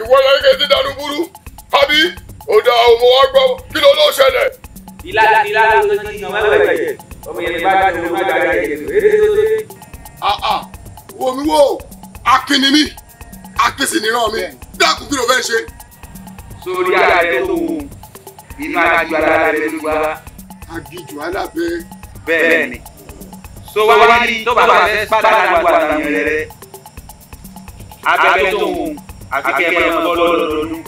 ìwọ lẹ́kẹ̀ẹ́ ti dànù burú àbí ọ̀dà ọmọ wa gbọ́ kí ló ló ṣẹlẹ̀. ìlà ìlà ló ti yan wẹ́wẹ́ yẹ ọmọ yẹn bá dànù bá dànù mi wo akínni mi akínsì níran mi dákun kí ló fẹ́ ṣe. sórí ara rẹ tó wù inú alájú ara ló gbá. agijù alábẹ́. bẹ́ẹ̀ ni so wá wá ní tó bá fẹ́ padà wà lànà rẹ abẹ́rẹ́ tó wù àti kẹ́ ẹ máa gbọ́ lọ́dọọdún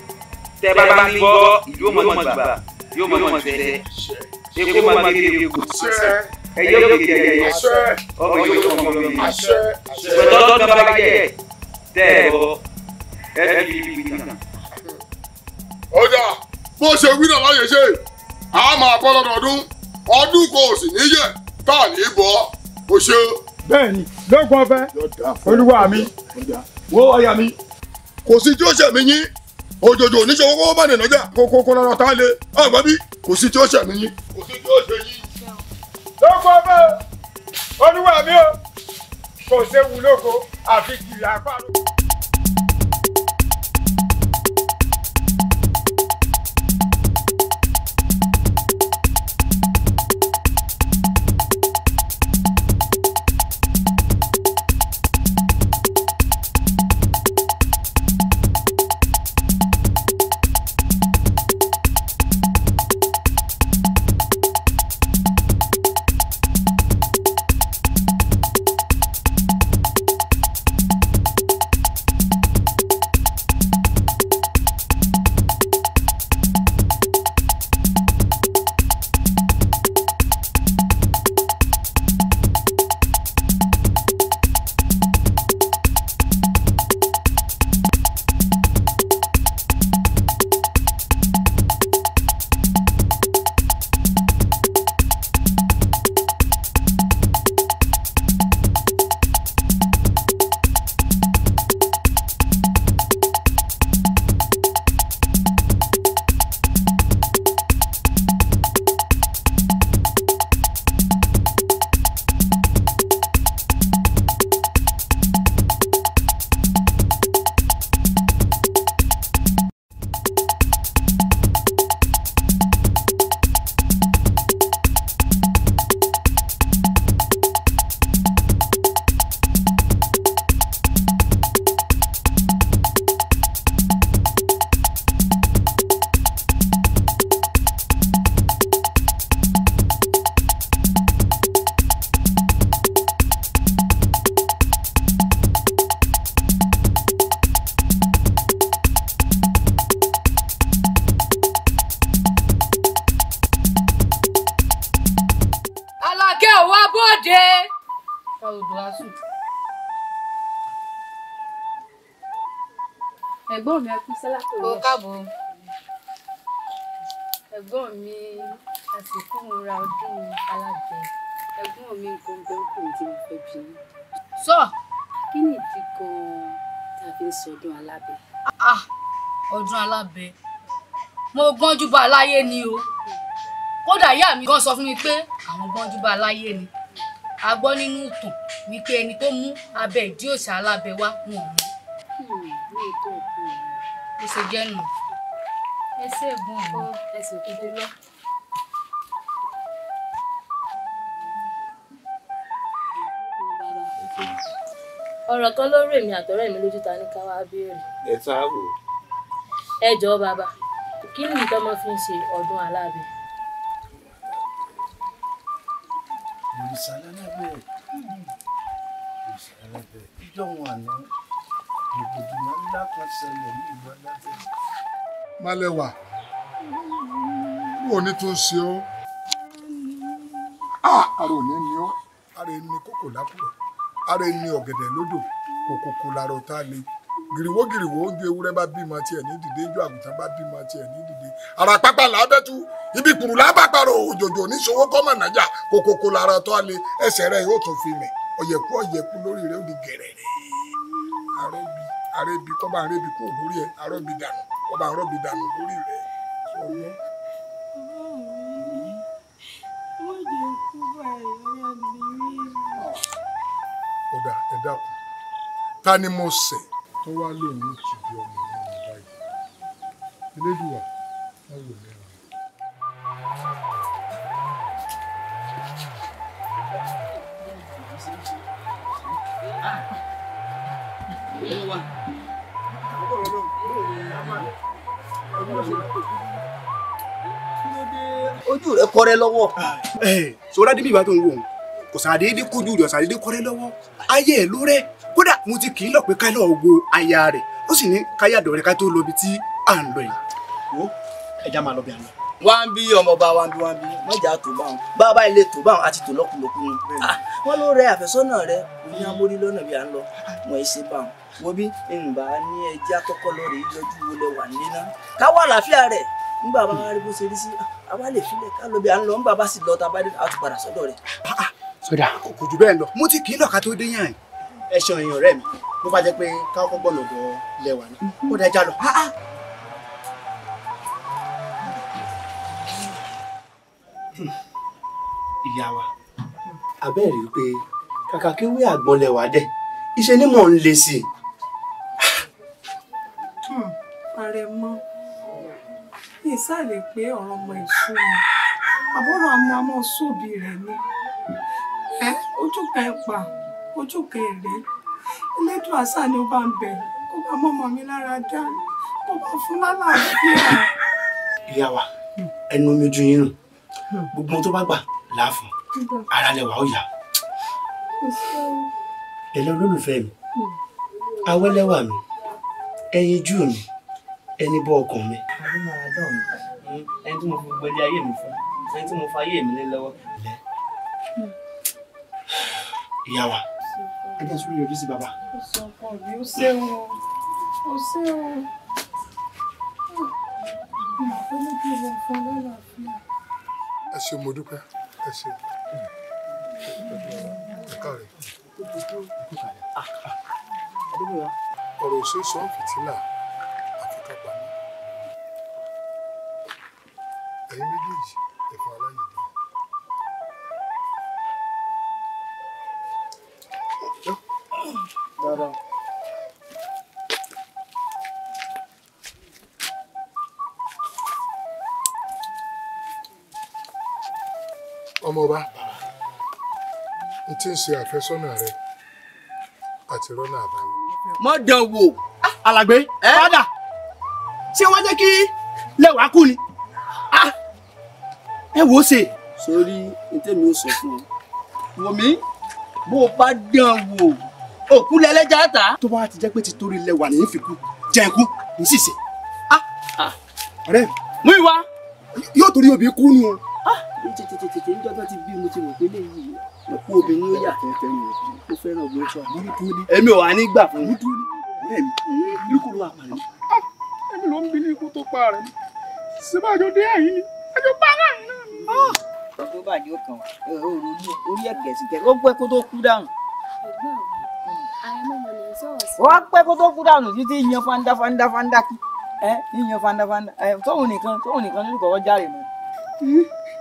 tẹ́ bá bá ń gbọ́ ìlú mọ̀mọ́ gbà yóò mọ̀mọ́ tẹ́tẹ́ epo máa gbé epo ẹ yóò gbé ẹyẹ ọmọ yóò kọ́ ọmọ mi ṣùgbọ́n tó bá jẹ tẹ́ ẹ bọ́ ẹ fi fi tàn. ọjà bó ṣe wí náà láyé ṣe a máa bọ́ lọ́dọọdún ọdún kò sì níyẹ tá à ní bọ́ o ṣe. bẹ́ẹ̀ni lọgbọn olúwa mi wo ọyà mi kò sí tí ó ṣẹ̀mí yín òjòjò oníṣòwò kó bá nìyànjá kókó kó lọ́rọ̀ tá a lè àgbà bí kò sí tí ó ṣẹ̀mí yín. kò sí tí ó ṣe yín. lóko bẹ́ẹ̀ olúwa mi ò kò séwu lóko àfi kìlà pàrọ̀. odò asù. ẹ̀gbọ́n mi ẹkú sẹ́lá tó lọ. o káàbọ̀. ẹ̀gbọ́n mi àsìkò ń ra ọdún alájẹ ẹ̀gbọ́n mi gbọ̀ngbọ̀n kò tí mo fẹ́ bí. sọ. kí ni ìdí gan-an tá a fi ń sọdún alábẹ. Ah, ah, ọdún alábẹ mo gbọ́njú bá aláyé ni o kódà ìyá mi gan sọ fún mi pé àwọn gbọ́njú bá aláyé ni a gbọ́ nínú ìtàn wípé ẹni tó mú abẹ ìdí òòṣà alábẹ wá wọn mú. ó ṣe jẹ́ nù. ẹ ṣe ègún ọ̀hún ẹsẹ̀ òkúté lọ. ọ̀rọ̀ kan ló rò èmi àtọ̀rẹ́ mi lójú ta ní ká wá béèrè. ẹ sáàbò. ẹ jọ bàbá kí ni nǹkan máa fi ń ṣe ọdún aláàbẹ̀. òrìṣà lálábẹ̀ ẹlẹ́dẹ̀ ìjọ wà ni tó ń ọ́? Ara ò ní ni ọ́, ara ẹni kókò lápùrọ̀, ara ẹni ọ̀gẹ̀dẹ̀ lódò, kòkòkò làrọ̀ tá le. Gìrìwó oúnjẹ bá bímọ tiẹ̀ ní dìde, ijó àgùntàn bá bímọ tiẹ̀ ní dìde. Àrà pápá ibi kùrù òjòjò ọ̀yẹ̀kú ọ̀yẹ̀kú lórí rẹ̀ ó di gẹ̀rẹ̀rẹ̀ àrẹ́bí àrẹ́bí kọ́ bá àrẹ́bí kú lórí ẹ̀ àrọ́bí dànù kọ́ bá àrọ́bí dànù lórí rẹ̀ ọ̀yẹ́. ọ̀dà ẹ dákun ta ni mo ṣẹ̀ tó wá ti di ọmọ mi báyìí elédùà wọn wò lẹ́nu. ojú rẹ kọrẹ lọ́wọ́. sọlá débi ìbátan wò ó kò sàdédé kojú rẹ sàdédé kọrẹ lọ́wọ́ ayé ẹ ló rẹ kódà mo ti kì í lọ pé ká lọ wo aya rẹ ó sì ní káyàdọ rẹ ká tó lọ bí tí à ń lọ yìí. wo ẹja máa lọ bí àná. wá ń bí ọmọọba wá ń bí wá ń bí mọjà tó bá wọn bàbá ilé tó bá wọn àti tòlọkùnlọkùn ah, wọn ló rẹ àfẹ́sọ́nà rẹ òun ni amórí lọ́nà bí à ń lọ wọn ẹ wọ́n bí ìgbà ní ẹjẹ́ àkọ́kọ́ lọ́ọ́ rèé yọjú wo lẹ wà níná káwọ́ àlàáfíà rẹ̀ nígbà bá rí bó ṣe rí sí àwa lè filẹ̀ ká lọ bí à ń lọ nígbà bá sì lọ tá a bá dé àti padà sọ́dọ̀ rẹ̀. Ah, ah, sọdà kò jù bẹ́ẹ̀ lọ mo ti kì í lọ ká tó dé yàn yìí. ẹ ṣeun èèyàn rẹ mi ló bá jẹ pé káwọ́ gbọ́dọ̀ lọ lẹ́wà náà ó dájá lọ. ìyá wa abẹ́rẹ́ rí i pé kàkà kí wí àgbọn lẹ́wà dẹ̀ iṣẹ́ ni mò ń le sí i. rẹ mọ́ ní ìsàlẹ̀ pé ọ̀rọ̀ ọmọ ìṣú ni àbọ̀rọ̀ ọmọ ọmọ sóòbí rẹ̀ ni ẹ ojú kan ẹ pa ojú kan ẹ rèé elédùn àṣà ni ó bá ń bẹ kó bá mọ́mọ́ mi lára dá kó bá fún lálàáfíà. ìyá wa ẹnu omi ojú yín nù hmm. gbogbo ohun tó bá gbà láàfún ara lẹwà ó yá ẹlẹ olólùfẹ́ mi hmm. awẹ́lẹ́wà mi ẹyinjú mi ẹni bọ́ ọkàn mi. ẹni tí mo fi gbẹlé ayé mi fún ẹni tí mo fa ayé mi lé lọ́wọ́. ìyá wa ẹ jẹ́ sórí ojú sí bàbá. ó sọ ọkọ mi ó ṣéun ó ṣéun ẹ ṣé mo dúpẹ́ ẹ ṣé ẹ káre ọ̀rọ̀ ò ṣe é sọ fìtílà. ẹ̀yin méjèèjì ẹ̀fọn aláyè dé. dáadáa. ọmọọba n tí ń ṣe àfẹ́sọ́nà rẹ àti rọ́nà àbáyọ. mọ dán wò alàgbé fada ṣé wọn jẹ kí lẹwàá kú ni ẹ wò ó ṣe. sórí ntẹ́mi ò sọ fún ọ wò bó o bá dán wò òkú lẹ́lẹ́jà ta. tó bá ti jẹ́ pé ti torí ilẹ̀ wà ní ìfikún jẹ́ ikú ní sísè. Ah, ah. ah. ọ̀rẹ́ mú ìwà. yóò torí obì kú nu. tètè ń dọ́gbọ́n ti bí mo ti mọ̀ pé lè yí òkú obìnrin ó yà fẹ́fẹ́ ni ó fẹ́ràn obìnrin tó àmọ́ ní dúró ní. èmi ò wá ní gbà fún mi. dúró ní ọ̀rẹ́ kò ló àpàrẹ̀ mi. ló ń bi ní ikú tó pa rẹ̀ mi. síbájọ́ dé àyín ni ẹjọ́ bá ń rà tó bàjẹ́ ọkàn wa òòrùn orí ẹ̀kẹ́ sí kẹ́kẹ́ ó pẹ́ kó tó kú dànù. wọ́n pẹ́ kó tó kú dànù títí yan fanda fanda fanda kí ẹ yan fanda fanda ẹ tóun nìkan tóun nìkan lórí kọ̀ọ̀kan járe mọ́.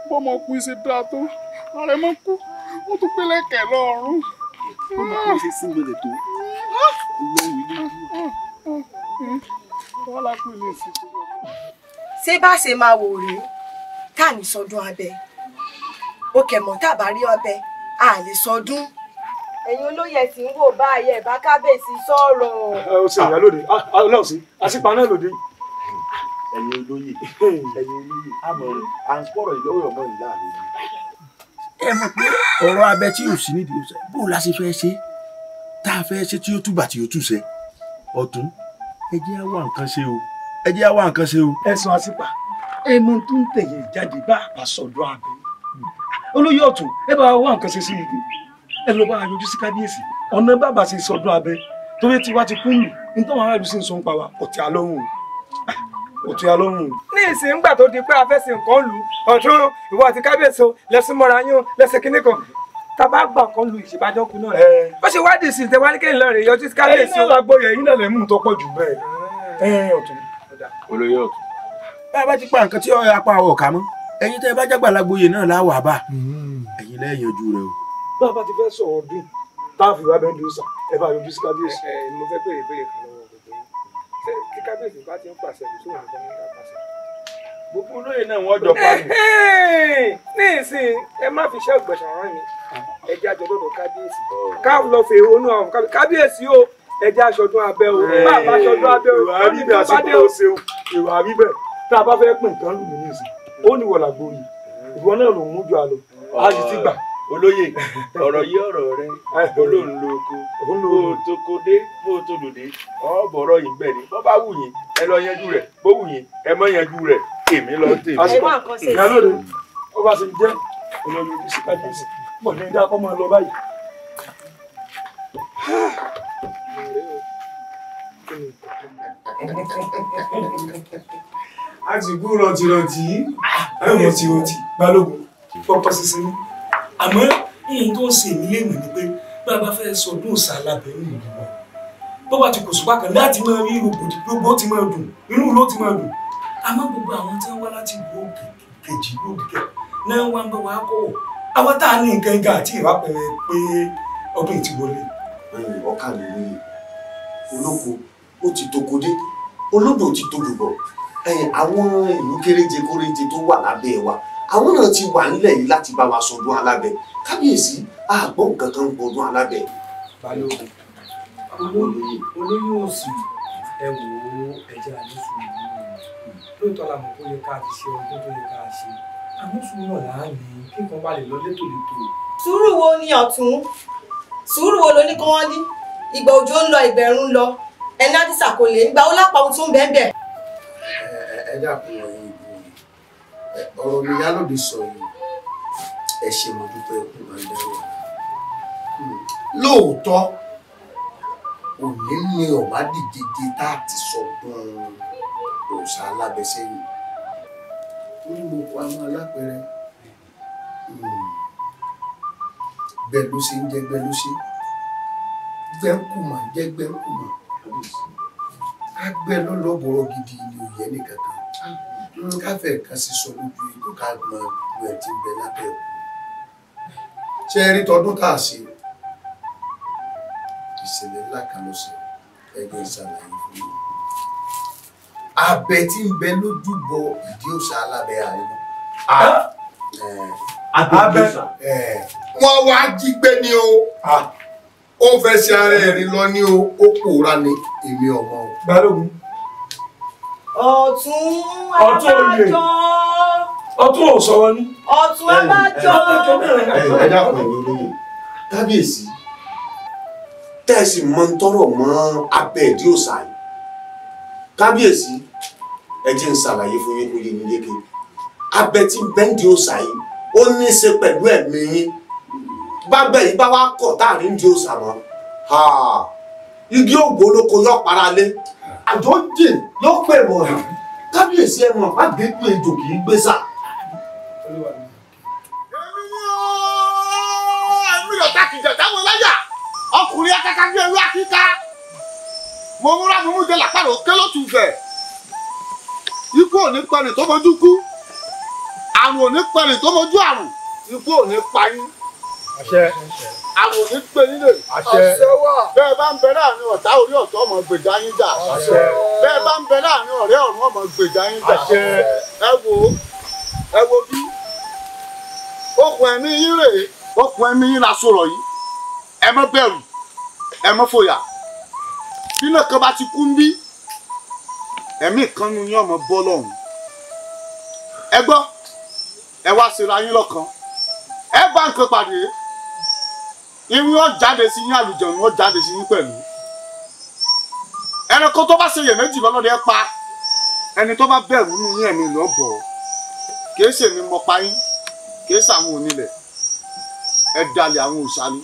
bọ́mọ kú ṣe dáa tó ààrẹ mọ́ kú ó tún pé lẹ́kẹ̀ẹ́ lọ́rùn. bọ́mọ kú ṣe sí mi lè tó olóhùn ilé ìlú. wọ́n lápò ilé ìsìnkú. ṣé bá ṣe máa wò rèé ká ní sọdún abẹ ó kẹ̀mọ́ tàbá rí ọbẹ̀ a lè sọdún. ẹ̀yin olóyè tí ń wò báyẹ̀ bá kábíyèsí sọ̀rọ̀. ó ṣe ìyá lóde ọlọ́run sí àṣìpa náà lóde. ẹ̀yin olóyè ẹ̀yin olóyè àmọ́ à ń pọ̀rọ̀ ìlọ́wọ́ ọmọ ìyá mi. ẹ mọ̀ pé ọ̀rọ̀ abẹ tí yóò sí nídìí ọ̀sẹ̀ bó la ṣe fẹ́ ṣe tá a fẹ́ ṣe tí yóò túbà tí yóò túṣẹ ọ̀tún ẹ jẹ́ á wá nǹkan ṣe o ẹ jẹ́ á wá nǹkan ṣe o. ẹ̀sùn àṣìpà ẹ̀mú tó ń tẹ̀yẹ̀ jáde bá àpàṣọ̀dọ̀ àbẹ̀ olóyè ọ̀tún ẹ bá wá nǹkan ṣe sí i ẹ lọ bá a yọjú sí kábíyèsí ọ̀nà bàbá ṣe sọdún abẹ torí tí wá ti kú nù ní tọ́wọ́n aráàlú sì ń sọ ń pa wa ọ̀tí alọ́run òtí alóhùn. ní ìsìn ńgbà tó di pé a fẹ́ sin nǹkan lù ọ̀tún ìwọ àti kábíyèsí lẹ́sùn mọ́ra yín lẹ́sẹ̀ kínní kan tàbá gbà kan lu ìṣèbájọ́ kun náà rẹ̀. ó ṣe wádìí sí ìtẹ̀wá ní kéèyàn sí kábíyèsí. ẹ̀yin ẹ̀yin tẹ́ ẹ bá jágbàlagbóye náà láwà bá mm-hmm. ẹ̀yin lẹ́yànjú rẹ o. bá a bá ti fẹ́ sọ̀rọ̀ ọdún tá a fi wá bẹ́ẹ̀ dùn sàn ẹ bá yọjú sí kábíyèsí. ẹ mo fẹ́ béèrè béèrè kan lọ́wọ́ gbogbo yín kí kábíyèsí bá ti ń pàṣẹ kò sóhun nìkan ní ká pàṣẹ. gbogbo olóyè náà wọ́n jọ pa mi. ní ìsìn ẹ má fi iṣẹ́ ọ̀gbẹ̀sán rán mi ẹ jẹ́ àjọ lọ́dọ̀ kábíyèsí ká lọ fèrè onú àwọn kábíyèsí o ẹ jẹ́ aṣọdún abẹ́ o bá a bá aṣọdún abẹ́ o lórí ìgbà bá dé o. ìwà àbíbẹ̀ tá a bá fẹ́ pín nǹkan lù mí ní ìsìn ó ní wọ̀là gbòòrì ìwọ náà ló mú ju àlọ a sì ti gbà. olóyè ọ̀rọ̀ yí ọ̀rọ̀ rẹ olóhùn ló ko bó o tó ko dé bó o tó lò dé ọ̀bọ̀rọ̀ yìí bẹ̀ ni bọ́ bá wù yín ẹ lọ yanjú rẹ̀ bó wù yín ẹ mọ́ yanjú rẹ̀ èmi lọ tèmi. àṣepọ̀ ìyá lóde ó bá ti jẹ́ olóyè ojú sí kábíyèsí pọ̀ ní dákọ́ mọ́ ẹ lọ báyìí. Thank you a ti kú rántìrántì àwọn ọtí ọtí balógun pọpọ sísìn àmọ́ yìnyín tó ń ṣe mí léèmù ni pé bí a bá fẹ́ sọdún ọ̀sà alábẹ́rẹ́ ìlú wa bó bá ti kò sùpá kan láti máa rí rògbòdì gbogbo ti máa dùn inú ló ti máa dùn àmọ́ gbogbo àwọn tí wọ́n wá láti wo kejì lóògùn náà wá ń bá wa kọ́ àwọn tá a ní nǹkan ga àti ìrápẹ̀rẹ̀ pé ọdún yìí ti wọlé. ọkàn nìyí olóko ó ti tokodé olódò ti todò bọ̀ àwọn ìlú kéréje kóréje tó wà lábẹ́ wa àwọn náà ti wà nílẹ̀ yìí láti bá wa sọdún alábẹ́ kábíyèsí àgbọ̀ nǹkan kan gbọdún alábẹ́. balógun olóyè olóyè òsì ẹ wò ó ẹjẹ àdúsù lóòótọ́ la mọ̀ tó yẹ ká ti ṣe ọdún tó yẹ ká ṣe àmọ́ sùúrù ọ̀la ni kíkan bá lè lọ létòlétò. sùúrù wo ni ọ̀tún sùúrù wo ló ní kí wọ́n ní ìgbà òjò ń lọ ìgbẹ̀rún ń lọ ẹni á ti sàkólé ìgbà ó lápá ohun tó ń bẹ́ẹ̀ bẹ́ẹ̀ dákun ẹ̀wọ̀n ìbò ni ọ̀rọ̀ mi yálòdì sọ yìí ẹ ṣe mo dúpẹ́ ẹkún máa ń dẹ́rù lóòótọ́ òní ni ọ̀bá dìjejì tá a ti sọ gan-an òòṣà alábẹ́sẹ́yìn ó ní mo kọ àwọn alápẹ̀rẹ bẹ́ẹ̀ ló ṣe ń jẹ́ bẹ́ẹ̀ ló ṣe gbẹ́ńkùmọ̀ jẹ́ gbẹ́ńkùmọ̀ àgbẹ̀ lọ́lọ́ bọ̀rọ̀ gidi ni òye nìkan kan káfẹ́ kan sí sọ lójú ìlú ká mọ ìlú ẹ̀ ti bẹ lábẹ́ òkú ṣe rí tọdún tá a ṣe ìṣẹ̀lẹ̀ ńlá kan ló ṣe ẹgbẹ́ ìṣàlàyé fún mi abẹ tí ń bẹ lójúbọ ìdí òṣà alábẹ àárín eh, abẹ eh, wọn wá jí gbé ni o ó fẹ́ ṣe ara ẹ̀rín lọ ní o ó pòórá ni èmi ọmọ o. balógun ọ̀tún abájọ. ọ̀tún ò sọ̀rọ̀ ní. ọ̀tún abájọ. ẹ dákun ẹ̀yin olóyè kábíyèsí tẹ́ẹ̀sì mọ ń tọrọ mọ́ abẹ́ ìdí òòṣà yìí kábíyèsí ẹ jẹ́ ń ṣàlàyé fún yín kó yé ní yéke abẹ tí bẹ́ǹdì òòṣà yìí ó ní í ṣe pẹ̀lú ẹ̀mí yín bábẹ́ yìí bá wá kọ̀ táàrin ìdí òòṣà igi ògbó lóko yọ̀ àjòjì yóò pèrò ọ̀ràn kábíyèsí ẹ̀wọ̀n àgbẹ̀gbẹ̀ ètò kì í gbé sá. èmi yóò ta kìjà táwọn ọlọ́yà ọkùnrin akẹ́kẹ́ bí ẹrú akíká mo múra mo mú jẹ làpárò kélòtù fẹ̀ ikú ò ní pẹ́ni tó mojú kú àrùn ò ní pẹ́ni tó mojú àrùn ikú ò ní pa yín àṣẹ. àwọn òní gbé nílé. àṣẹ wà. bẹ́ẹ̀ bá ń bẹ láàrin ọ̀tá orí ọ̀tọ̀ ọmọ gbèjà yín dà. àṣẹ. bẹ́ẹ̀ bá ń bẹ láàrin ọ̀rẹ́ ọ̀run ọmọ gbèjà yín dà. àṣẹ. ẹ wo ẹ wo bí okùn ẹ̀mí yín rèé okùn ẹ̀mí yín la sọ̀rọ̀ yìí ẹ má bẹ̀rù ẹ má fòyà bí náà kan bá ti kú ń bí ẹ̀mí kan nu yín ọmọ bọ́ lọ́hùn ẹ gbọ́ ẹ wá ṣe ra yín lọ́kàn ẹ bá nǹkan pàdé irú yóò jáde sí ní àlùjọ̀nù yóò jáde sí ní pẹ̀lú ẹranko tó bá ṣe iyèméjì lọ́lọ́dẹ pa ẹni tó bá bẹ̀rù nínú yín ẹ̀mí lọ́ bọ̀ kìí ṣe mi mọ payín kìí ṣàwọn onílẹ̀ ẹ dalẹ̀ àwọn òṣàlú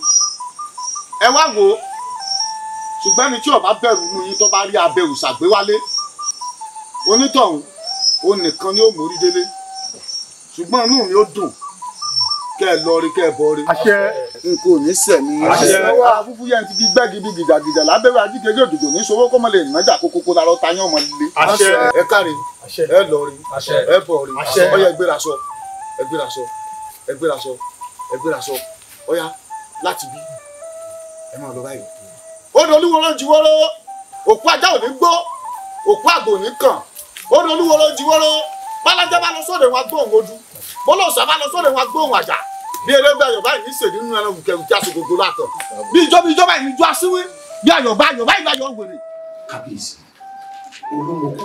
ẹ wá wo ṣùgbọ́n ẹni tí ó bá bẹ̀rù nínú yín tó bá rí abẹ òṣàgbé wálé onítọ̀hún òun nìkan ni ó mórí délé ṣùgbọ́n inú mi ó dùn kẹ́ ẹ lọ rí kẹ́ ẹ bọ rí nǹkan ní sẹ̀mí. àṣẹwà fúfú yẹn ti di gbẹ́gidi gìdàgìdà lábẹ́rẹ́ ajíkejì òdòdó ní sọ́wọ́ kọ́mọ lè nàjà kókó kó larọ́ ta ọmọ líle. àṣẹ ẹ káre ẹ lọrí ẹ bọrí ọyá ẹgbẹ́ra sọ ẹgbẹ́ra sọ ẹgbẹ́ra sọ ẹgbẹ́ra sọ ọyá láti bí ẹ máa lọ báyìí. ó ní olúwọ́rọ́ juwọ́rọ́ òkú ajá ò ní gbó òkú àgbò ní kàn ó ní olúwọ́rọ́ juwọ́rọ́ bálájá bá lọ sóde wọn bí elégbé àyọ̀bá yìí ṣèlú nínú ẹran kùkẹ̀rù tí a ṣe gbogbo látọ̀ bí ìjọba ìjọba yìí jọ aṣíwí bí àyọ̀bá àyọ̀bá yìí láyọ̀ wèrè. kábíyèsí olúmọkò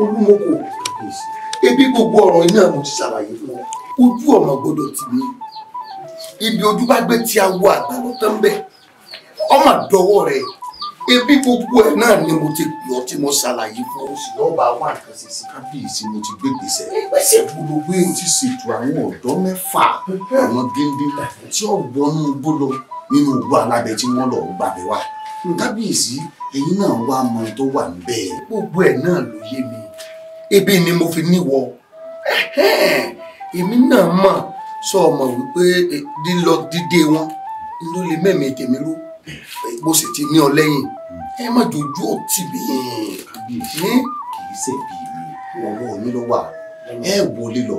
olúmọkò kábíyèsí ebi gbogbo ọ̀rọ̀ iná mo ti ṣàlàyé fún ọ ojú ọ̀nà gbọdọ̀ tì mí ibi ojú bá gbé tí a wọ àgbàlọ́ tán bẹ́ẹ̀ ọmọ àdọ́wọ́ rẹ̀ ebi gbogbo ẹ̀ náà ni mo ti pè ọ́ tí mo ṣàlàyé fún ọ sì lọ́ọ́ wà nǹkan sí kábíyèsí mo ti gbé gbèsè gbèsè dúró pé ti ṣètò àwọn ọ̀dọ́ mẹ́fà àwọn géńdé tí ọ̀gbọ́nú gbọ́dọ̀ nínú ògbó alábẹ tí wọ́n lọ gbàbẹ wá hmm. kábíyèsí ẹ̀yin náà wá mọ tó wà níbẹ̀ gbogbo ẹ̀ náà ló yé mi ebi ni mo fi níwọ èmi náà mọ̀ sọ ọmọ wípé eh, lílọ dídé wọn ló lè mẹ́mìí tèmi ró bó sì ti ní ọ lẹ́yìn ẹ má dojú ò tì mí. kì í ṣe bí mi ọwọ́ mi ló wà ẹ wọlé lọ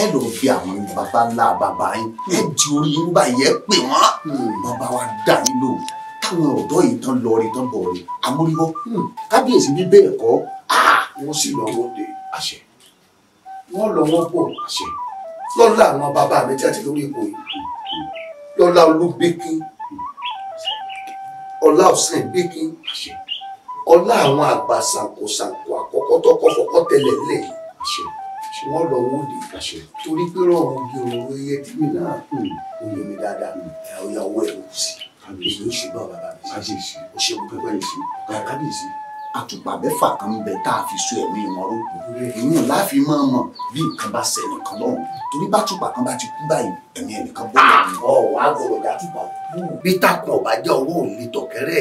ẹ lọ bí àwọn baba ńlá baba yín ẹ di orí yín báyìí ẹ pè wọ́n hmm. baba wa dà yín lò káwọn ọ̀dọ́ yìí tán lọ rí tán bọ̀ rí amúríwọ́ hmm. kábíyèsí bí bẹ́ẹ̀ kọ́ wọ́n sì lọ wọ́n de àṣẹ wọ́n lọ wọ́n bọ̀ àṣẹ lọ́la àwọn bàbá mi tí lórí ipò yìí lọ́la olúgbẹ́kín ọlá ọ̀sìn gbégi ọlá àwọn àgbà sàǹkóṣàǹkó àkọ́kọ́ tọkọ fọkọ́ tẹlẹ̀ lẹ̀ wọ́n lọ wó de torí pé rọrùn bí òun yẹ kí mi náà òye mi dáadáa ọ̀yàwó ẹ̀ ló kù sí èyí ń ṣùgbọ́n bàbá mi ṣe òṣèlú pẹ́pẹ́ yìí sí kàkàbí sí àtùpà mẹ́fà kan ń bẹ tá a fi so ẹ̀mí wọn ró ìyún láfi máa mọ̀ bí nǹkan bá ṣe ẹnìkan lọ́rùn torí bá tùpà kan bá ti kú báyìí ẹ̀mí ẹnìkan bọ́ ọ wà á gbọ́dọ̀ dá tùpà bí takùn ọ̀bá jẹ́ owó ò lè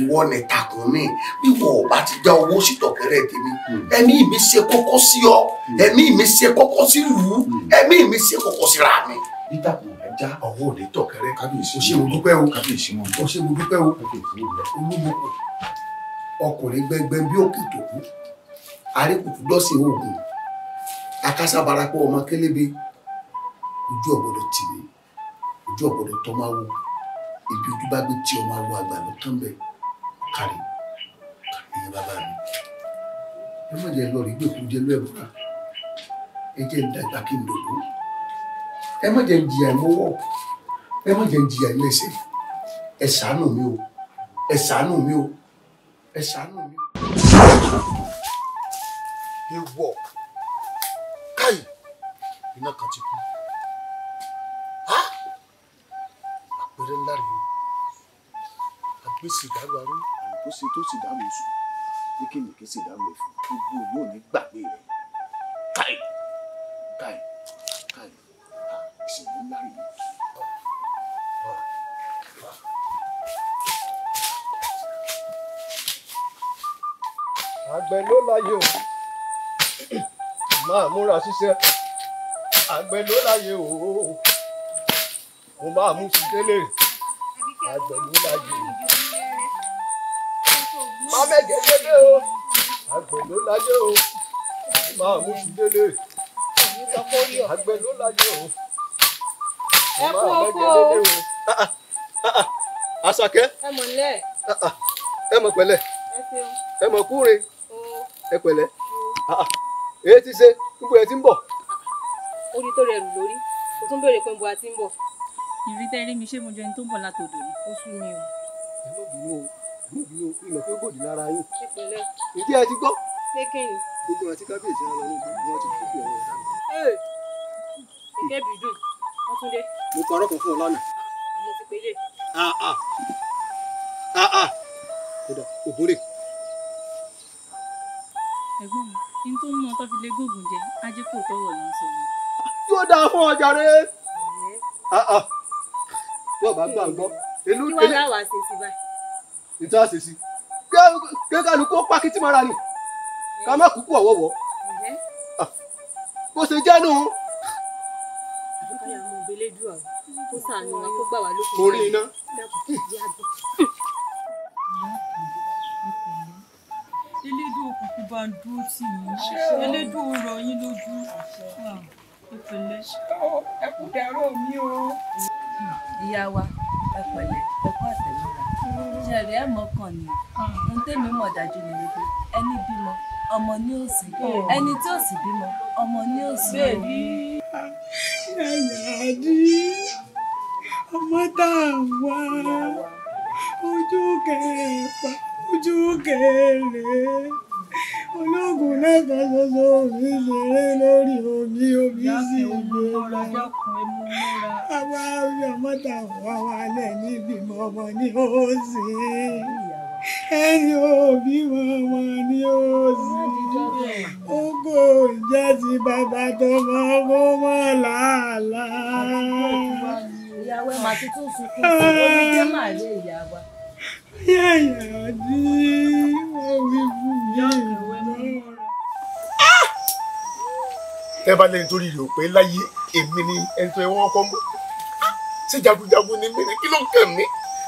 ìwọ ni takùn mi bí wọn ò bá ti já owó sí tọ̀kẹ́rẹ́ tèmi ẹ̀mí mi ṣe kókó sí ọ ẹ̀mí mi ṣe kókó sí ìlú ẹ̀mí mi ṣe kókó síra mi ìtàkùn ẹja ọwọ́ òde tọ̀kẹ́rẹ́ kábíyèsí o ṣé mo dúpẹ́ o kábíyèsí mo dúpẹ́ o olúmọ̀kù ọkùnrin gbẹgbẹ bí òkè tó kú àríkùtù dọ́sìn oògùn akásábarapọ̀ ọmọ kélébé ojú ọ̀gbọ́dọ̀ tì mí ojú ọ̀gbọ́dọ̀ tọ́ máa wò ibi ojú bá gbé tí ọmọ awo àgbà ló tán bẹ̀ kárí ìyẹn bàbá mi ẹ má jẹ́ lọ́ọ̀rì gbèkú jẹ́ lọ́ẹ̀bùrà ẹ jẹ́ ń dàgbà kí n dògbò ẹ má jẹ́ ń jìyà ìmọ̀wọ́ ẹ má jẹ́ ń jìyà ìlẹ́sẹ̀ ẹ ṣàánú mi o ẹ ṣàánú mi o ẹ ṣàánú mi. ewọ káì iná kan ti kú àpẹẹrẹ ńlá rèé àgbèsè ìdárò arú àgbèsè tó sì dárò oṣù kékeré kése ìdárò ẹfọ gbogbo ìlú ò ní gbàgbé rẹ. àgbẹ̀ ló láyé o máa múra ṣiṣẹ́ àgbẹ̀ ló láyé o mo máa mú sí délé àgbẹ̀ ló láyé o má mẹ́gẹ́ délé o àgbẹ̀ ló láyé o máa mú sí délé àgbẹ̀ ló láyé o ẹ kú ọkọ o ah, ah, ah, Àṣàkẹ́ ẹ mọ̀ pẹ̀lẹ́ ẹ mọ̀ kúre ẹ pẹ̀lẹ́ ah, ah. èyí ti ṣe níbo ẹ ti ń bọ̀. orí tó rẹ̀ rù lórí o tún béèrè pé níbo a ti ń bọ̀. ìrírí tẹ́ rí mi ṣé mo jẹ́ ẹni tó ń bọ̀ látòdò ni ó sú mi o. ẹ má bínú o ẹ má bínú o ìmọ̀ pé gbòdì lára yín. ẹ pẹ̀lẹ́. ìdí ẹ ti gbọ́. pé kí ni. gbogbo àti kábíyèsí ara lọ́nà ìgbìmọ̀ ti fún ìyàwó ọ̀sán. ee kẹ̀kẹ́ bìdùn wọ́n tún dé. mo parọ́ kan fún ọ lánàá. mo ti pe ẹ̀gbọ́n mi ní tó ń mọ tó fi lé góògùn jẹ ajé kò tọwọ ló ń sọ mi. yóò dáa fún ọjà rẹ yóò bá gbà gbọ́. kí wàá láwàá ṣe sí báyìí. ìta ṣe sí kí kálukú pákítí mọ́ra ni ká má kúkú ọ̀wọ́wọ́ ah. bó ṣe jẹ́ nù. àbúkáyà mọ̀ bẹ́lẹ́dùà kó sànù wọn kó gbà wá lókun. orí iná. òkú bá ń dúró tì yín elédùn rọ yín lójú ẹ ẹ kú dàrọ mi o. ìyá wa ẹ pẹ̀lẹ́ ẹ kú àtẹ̀mọ́ra ṣe ni ohun tẹ́mi mọ̀ dájú ni wípé ẹni bímọ ọmọ ní òsì ẹni tí òsì bímọ ọmọ ní òsì. bẹ́ẹ̀ni ṣàyàdí ọmọ tá a wá ojú kẹfà ojú kẹrẹ ológun lẹ́kàn ṣoṣo mi ṣeré lórí omi omi sì gbòòrò àwa ọmọ mọ́ta wà wálẹ̀ níbi ọmọ ni ó sì ẹni òbí ọmọ ni ó sì ogo ìjẹ́ ti bàbá tó mọ́ ọmọ mọ́ làálàá. ìyàwó ẹ̀ máa ti tún sunkún sí jẹ́ màálé ìyá wa yẹ̀yẹ̀ tẹ́ bá lẹ́ni tó rí rò pé láyé èmi ni ẹni tó yẹ kọ́ mọ́ ṣé jagunjagun ni mí ni kí ló ń kàn mí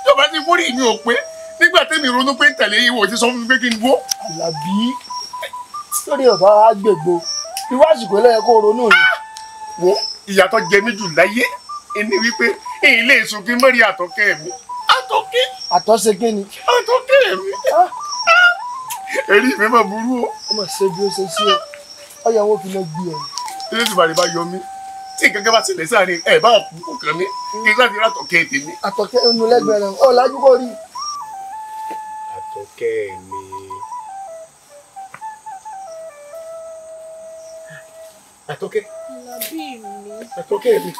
yọba ní mórí mi ò pé nígbà tẹ́mi ronú pé ń tẹ̀lé ìwọ ti sọ fún mi pé kí n wó. àlàbí sórí ọ̀bá àgbègbò irú àsìkò lẹ́yìn kó ronú ni. wo ìyàtọ̀ jẹ mí jù láyé ẹni wípé èyí lè sùn kí mọ́rí àtọ́kẹ́ mi àtọ́ké. àtọ́sẹ ké ni. àtọ́ké mi. èrí mi máa burú o. ó mà ṣe bí ó ṣe sí o ọyọ àwọn òfin náà gbé ẹ. ilé ìtura rẹ bá yọ mí tí nǹkan kan bá ṣẹlẹ̀ sáàrin ẹ̀ bá kú kọ̀ọ̀kan mi kí n láti rátọ̀kẹ́ tèmi. àtọ̀kẹ́ ẹnu lẹ́gbẹ̀ẹ́ rẹ̀ ọ̀ lájú kò rí. àtọ̀kẹ́ mi. àtọ́kẹ́. àtọ́kẹ́ mi.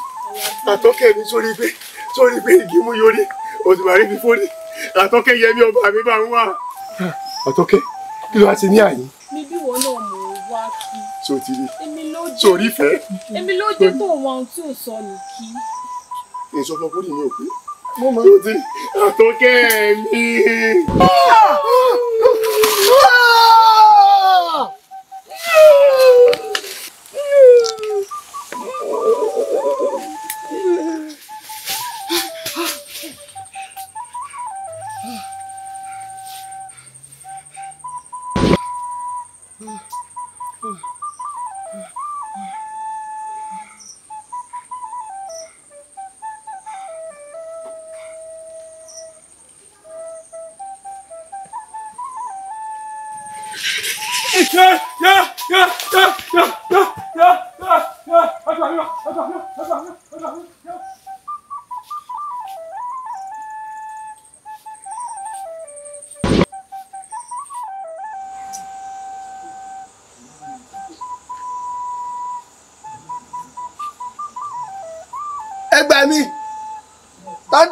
àtọ́kẹ́ mi sórí pé sórí pé igi mú òṣùmàrí ti fóni àtọ́kẹ́ yẹmí ọba mi bá ń wà. àtọ́kẹ́ kí ló wá ti ní àyín. mi bí wọn náà mò ń wá kí. tí ti rí sórí ìfẹ́. èmi ló dé tó wọn tí ò sọ nù kí. èso fún ọkùnrin mi ò mo máa ń ti àtọ́kẹ́ mi. Ah! ah!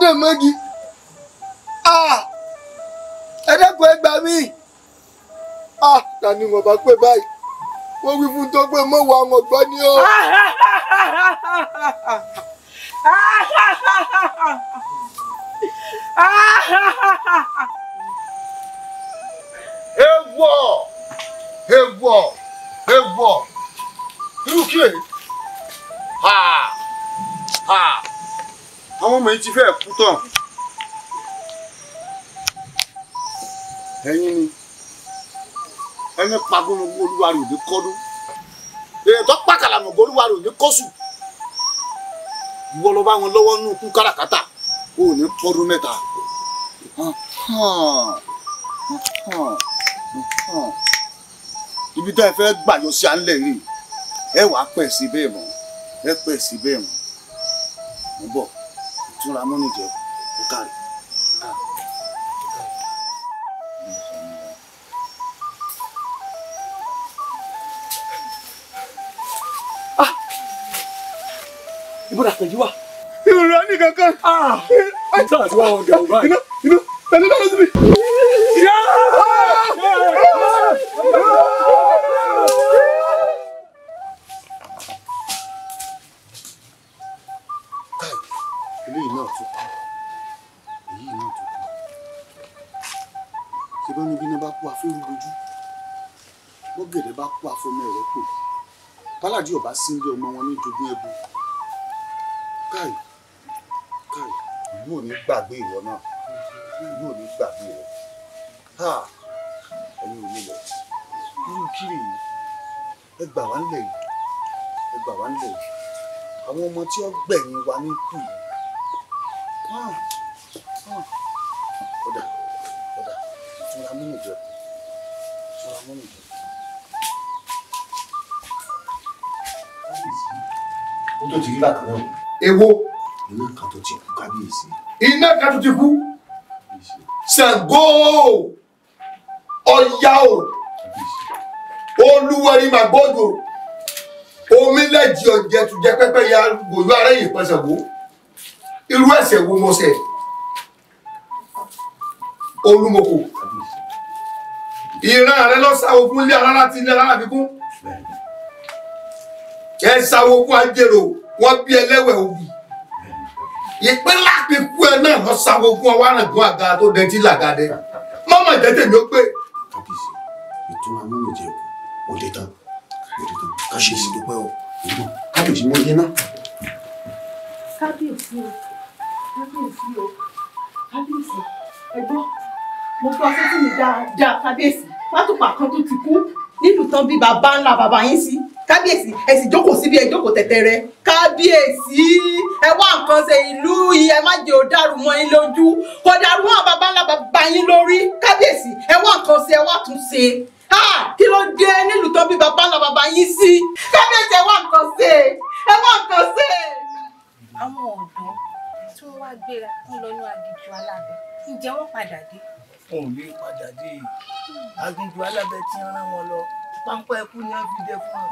dẹ̀ mọ́gi ah! ẹ dẹ́kun ẹ gbà mí ah! ta ni wọn bá pè báyìí wọ́n wí fún tó pé mọ́ wà wọn gbọ́ ni ó. ewọ ewọ ewọ irú kí èyí. àwọn ọmọ yìí ti fẹ́ kú tán ẹ̀yin ni ẹni pagologo olúwarò ní kọ́dún èèyàn tó pàkàlàmọ̀gò olúwarò ní kọ́sù ìwọ lọ bá wọn lọ́wọ́ nínú kú káràkátà ò ní mẹ́ta. ibi tá ẹ fẹ́ gbàyọ sí alẹ́ rèé ẹ wàá pẹ̀ sí bẹ́ẹ̀ mọ́ ẹ pẹ̀ sí bẹ́ẹ̀ mọ́ ń bọ̀ tún ra mọ́nì jẹ kó kárì. Ah! ibo la tẹ̀jú wa. ìrora nìkan kan. ah ṣáà tí wàá wọn gẹ̀rù báyìí. iná iná tẹ̀lé lọ́dọ̀ síbi. jogún ebu káì káì ìlú ò ní gbàgbé ìwọ náà ìlú ò gbàgbé rẹ ha ẹ̀yin ò nílẹ̀ irú kiri yìí ẹ gbà wá nílẹ̀ yìí ẹ gbà wá nílẹ̀ yìí àwọn ọmọ tí ó gbẹ̀yìn wa ní kù yìí ọ̀dà ọ̀dà ìtura múnìjọ ìtura múnìjọ. tó ti rí bákan náà. èwo. iná kan tó ti kú kábíyèsí. iná kan tó ti kú. Ṣàngó Ọya o olúwẹrí màgbọdọ omi lẹjì ọjẹtùjẹ pẹpẹ ya gbòòlù arẹyìn pẹsẹgbó irú ẹ̀ṣẹ̀ wo mo ṣẹ̀ olúmọkò ìran rẹ lọ sá ogun lé alára ti lé alára fi kún ẹ̀sàwògùn ajérò wọ́n bí ẹlẹ́wẹ̀ òbí ìpínlẹ̀ àpínkù ẹ̀ náà lọ sàwògùn ọwọ́ àrùngún àga tó dẹtí làgàdẹ mọ́mọ́ ìdẹ́tẹ̀ mi ó pé. kábíyèsí ìtura mímú jẹ kò lè tán kò lè tán kábíyèsí dúpẹ́ o ìgbọ́n kábíyèsí mo yẹ náà. kábíyèsí o kábíyèsí o kábíyèsí ẹ̀gbọ́n mo fọ afẹ́fẹ́ mi dáadáa kábíyèsí látùpà kan tó ti kú nílùú tán bí bàbá ńlá bàbá yín sí kábíyèsí ẹ sì jókòó síbi ẹ jókòó tẹ̀tẹ̀rẹ̀ kábíyèsí ẹ wá nǹkan ṣe ìlú yìí ẹ má jẹ́ ó dàrú mọ́ yín lójú kò dàrú mọ́ bàbá ńlá bàbá yín lórí kábíyèsí ẹ wá nǹkan ṣe ẹ wá tún ṣe kí ló dé nílùú tó bí bàbá ńlá bàbá yín sí kábíyèsí ẹ wá nǹkan ṣe ẹ wá nǹkan ṣe. àwọn ọ̀dọ́ tí wọ́n wá gbéra ń lọ ní aginjù alábẹ́ ǹjẹ́ wọ́n padà dé. ò lè padà dé aginjù ẹkú ni wọ́n fi dẹ fún wọn.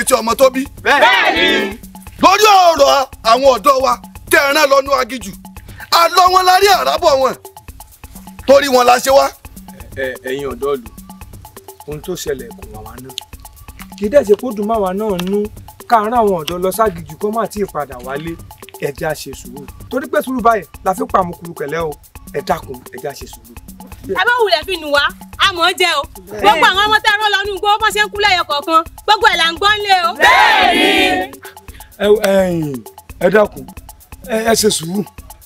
létí ọmọ tó bí. bẹ́ẹ̀ni. lórí ọ̀rọ̀ àwọn ọ̀dọ́ wa tẹ́ ẹran lọ́nu agijù àlọ́ wọn la rí àràbọ̀ wọn torí wọn la ṣe wá. ẹ̀yin ọ̀dọ́ lò ohun tó ṣẹlẹ̀ kò wà wá náà kì í dẹ̀ ṣe kó dùn má wa náà nú káàárọ̀ àwọn ọ̀dọ́ lọ ságijù kó má tíì padà wálé ẹ̀jẹ̀ ṣe sùúrù torí pé sùúrù báyìí la fi pàmò kùrùkẹ̀lẹ́ o ẹ dákun ṣe sùúrù. ẹ bá wulẹ̀ fi nù wá mọ̀ ọ́ jẹ o gbogbo àwọn ọmọ tẹ́ ẹ rán lọ nínú gbogbo bọ́n ṣe ń kú lẹ́yọ kọ̀ọ̀kan gbogbo ẹ̀ là ń gbọ́n lé o. bẹ́ẹ̀ni. ẹ dákun ẹ ṣe sùúrù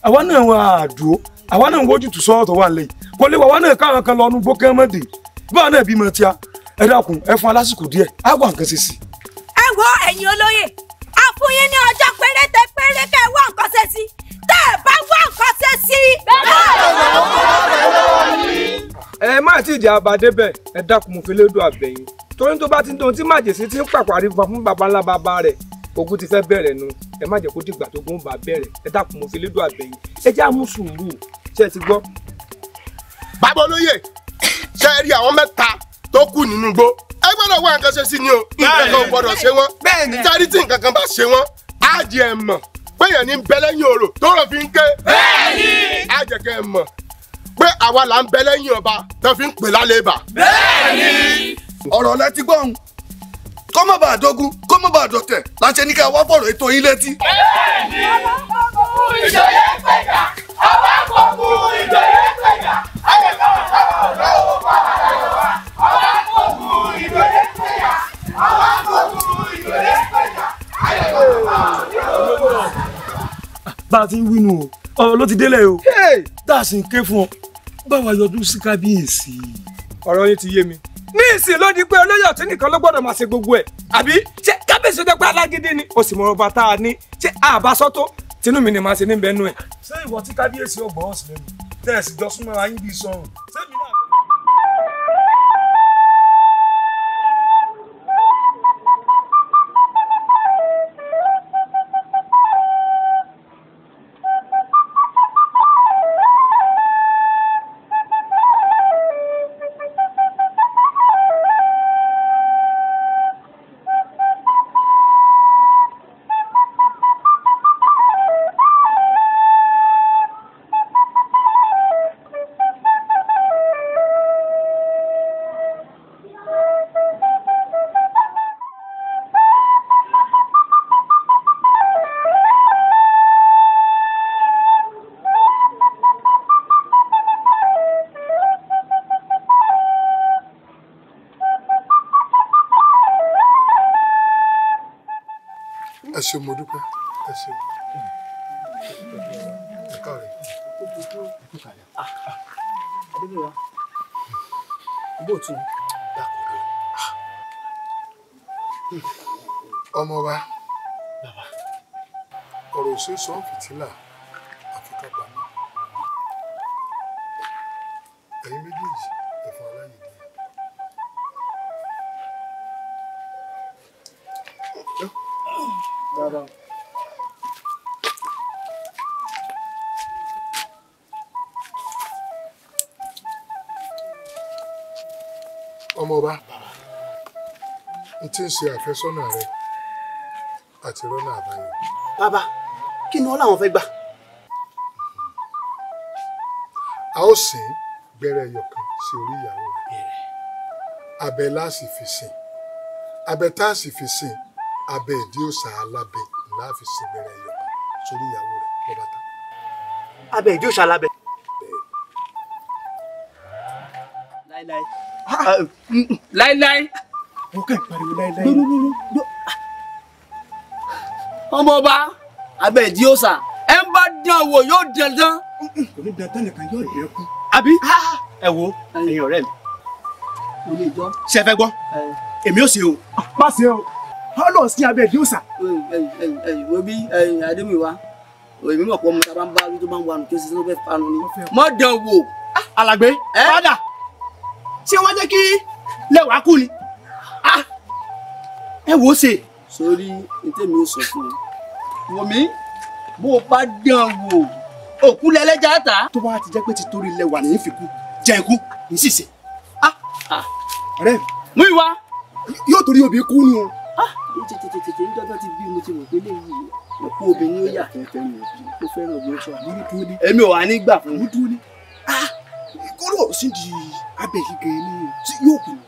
àwa náà wà á dúró àwa náà wọ́jú tù sọ́ọ̀tọ̀ wà lẹ́yìn kò lè wà wá náà káwọn kan lọ nínú gbókè mọ́dé báwa náà bímọ tíá ẹ dákun ẹ fún alásìkò má ti ìjà bá débẹ̀ ẹ dákun mo fi lédo àbẹ̀yìn torí tó bá ti ń dohun tí màjèsí ti ń pàpàrí fún baba ńlá baba rẹ̀ ogun ti fẹ́ bẹ̀rẹ̀ nu ẹ má jẹ́ kó dìgbà tó gún bá bẹ̀rẹ̀ ẹ dákun mo fi lédo àbẹ̀yìn ẹ já mú sùúrù ṣe ti gbọ́. bàbá olóyè ṣe rí àwọn mẹ́ta tó kù nínú igbó ẹ gbọ́dọ̀ wá nǹkan ṣe sí ni o nǹkan kan gbọ́dọ̀ ṣe wọ́n nítorí pé àwa là ń bẹ lẹ́yìn ọba tó fi ń pè lálẹ́ ibà. bẹ́ẹ̀ni. ọ̀rọ̀ lẹ ti gbọ́n kó má bàa dogun kó má bàa dọ̀tẹ̀ láṣẹ ní ká wá fọ̀rọ̀ ètò yín létí. bẹ́ẹ̀ni ìjòyè pẹ̀gà àwa kò kú ìjòyè pẹ̀gà àgbẹ̀kọ̀ sábà ọ̀dọ́ òwò pa àlàyé wa àwa kò kú ìjòyè pẹ̀gà àwa kò kú ìjòyè pẹ̀gà àgbẹ̀kọ̀ sábà ọ̀dọ́ òwò pa àlàyé wa. bá a ti ń wí nù o ọ̀rọ̀ ló ti délẹ̀ o tá a sì ń ké fún ọ báwa yọdún sí kábíyèsí. ọ̀rọ̀ yín ti yé mi. ní ìsìn ló di pé olóyè ọ̀tún nìkan ló gbọ́dọ̀ máa ṣe gbogbo ẹ̀ àbí ṣé kábíyèsí ó jẹ́ alágídí ni o sì mọ ọba tá a ní ṣé àbásọ́ tó tinú mi ni màá ṣe níbẹ̀ nú ẹ̀. ṣé ìwọ tí kábíyèsí ọgbọ̀n ọ̀sìn lẹ́nu tẹ̀sí jọ súnmọ́ ayé bíi sọ̀rùn ṣé mi náà ṣe mo dúpẹ́ ẹ ṣe ẹ káre. adébíyà bó tún dàkúrò. ọmọ wa ọ̀rọ̀ òṣèṣọ́ fìtílà. ń ṣe àfẹ́sọ́nà rẹ àti rọ́nà àbáyọ. bàbá kí ni wọn làwọn fẹ́ gbà. a ó sìn gbẹ́rẹ́ ẹyọkan sí orí ìyàwó rẹ abẹ láàsì fi sìn abẹ táàsì fi sìn abẹ ìdí òòsà alábẹ láàfi sìn gbẹ́rẹ́ ẹyọkan sórí ìyàwó rẹ lọba tán. abẹ ìdí òòsà alábẹ. láíláí. láíláí ó kàn pariwo láéláé. ọmọ ọba abẹ́ ìdí òòsà ẹ ń bá dán wò yóò dandan. kò ní dandan nìkan yóò dẹ́ kú. àbí ẹ wo ẹ̀yin ọ̀rẹ́ mi. mo lè jọ. ṣe fẹ́ gbọ́ èmi ò ṣe o. Ah, má ṣe o ọlọ́run sí abẹ́ ìdí òòsà. wo bí adémiwa èmi mọ̀ pé ọmọ tábà ń bá lójú máa ń wà nù kí ó ṣe tó fẹ́ fanu ni. mọ̀ dán wò. alàgbé padà ṣé wọ́n jẹ́ kí lẹ́wàá kú ni ẹ wò ó ṣe. sórí ntẹ́mi ò sọ fún ọ wòmí bó o bá dán wò òkú lẹ́lẹ́jà ta. tó bá ti jẹ́ pé ti torí ilẹ̀ wà ní ìfikún jẹ́ ikú ní sísè. Ah! Ah! ọ̀rẹ́ mú ìwà. yóò torí obì kú ni o. Ah! tètè ń dọ́dọ́ ti bí mo ti mọ̀ pé léyìí òkú obìnrin ó yà kẹ́kẹ́ ni o fẹ́ràn obìnrin sọ àbúrú tó ní. èmi ò wá ní gbà fún. àbúrú tó ní. kóró sí di abẹ́ kíkẹ́ ni yóò kù ní